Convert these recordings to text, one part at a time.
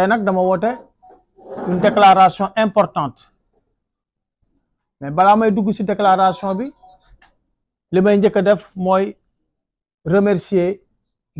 tey nag dama woote une déclaration importante mais balaa may dugg si déclaration bi li may njëkk a def mooy remercier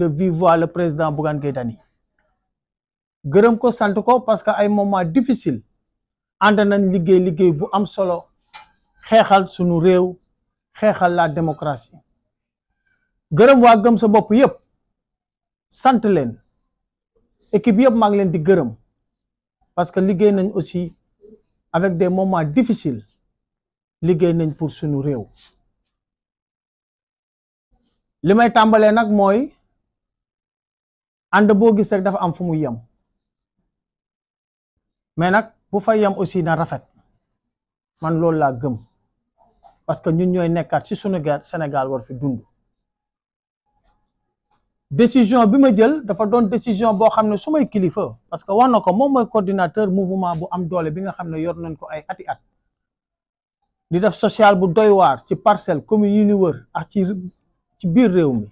de vive voix le président Bougane Gueye gërëm ko sant ko parce que ay moment difficile ànd nañ liggéey liggéey bu am solo xeexal sunu réew xeexal la démocratie gërëm waa gëm sa bopp yépp sant leen équipe yëpp maa ngi leen di gërëm parce que liggéey nañ aussi avec des moments difficiles liggéey nañ pour suñu réew li may tàmbalee nag mooy ànd boo gis rek dafa am fu muy yem mais nag bu fa yem aussi na rafet man loolu laa gëm parce que ñun ñooy nekkaat ci suñu Sénégal war fi dund décision bi ma jël dafa doon décision boo xam ne su may kilifa parce que wax na ko moom mooy coordinateur mouvement bu am doole bi nga xam ne yor nañ ko ay ati at di def social bu doy ci parcelle commune yi ñu wër ak ci ci biir réew mi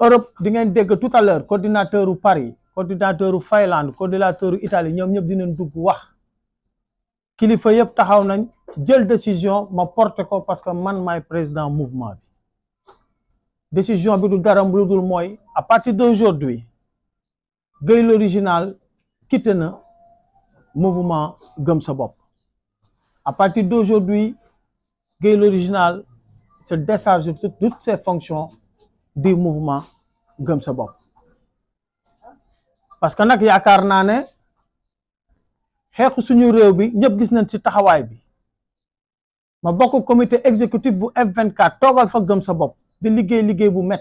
Europe di ngeen dégg tout à l'heure coordinateur u Paris coordinateur u Finlande coordinateur u Italie ñoom ñëpp dinañ dugg wax kilifa yëpp taxaw nañ jël décision ma porté ko parce que man may président mouvement bi décision à partir d'aujourd'hui Gueye l'original quitte le mouvement Gamsabop. à partir d'aujourd'hui Gueye l'original se décharge de toutes ses fonctions du mouvement gëm parce que nag qui naa ne xeexu suñu réew bi ñëpp gis nañ ci taxawaay bi ma bokk comité exécutif pour F24 toogal fa gëm de liguer vous bu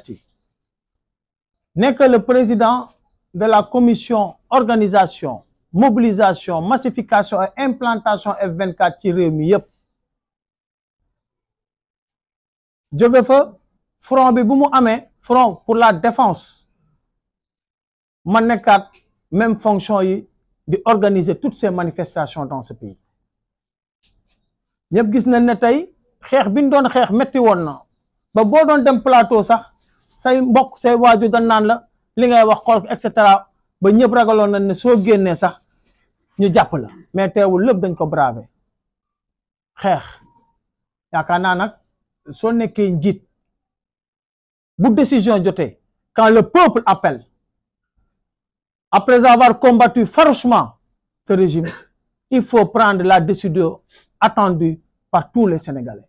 n'est que le président de la commission organisation mobilisation massification et implantation F24 ci Je faire front pour la défense même fonction d'organiser toutes ces manifestations dans ce pays ne ba boo doon dem plateau sax say mbok say waajur dañ naan la li ngay wax xool et cetera ba ñepp ragalon nañ ne so génnee sax ñu japp la mais teewul lepp dañ ko bravé xeex yaakaar naa nag soo nekkee njiit bu décision jotee quand le peuple appelle après avoir combattu farouchement ce régime il faut prendre la décision attendue par tous les Sénégalais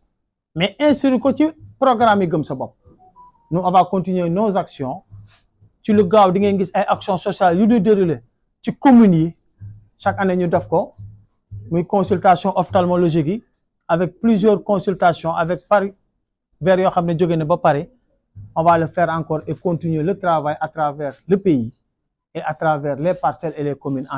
mais insérer le programme comme comme ça, nous on va continuer nos actions Tu le gardes, tu ngeen gis ay actions sociales tu communies. chaque année nous def une consultation ophtalmologique avec plusieurs consultations avec Paris, on va le faire encore et continuer le travail à travers le pays et à travers les parcelles et les communes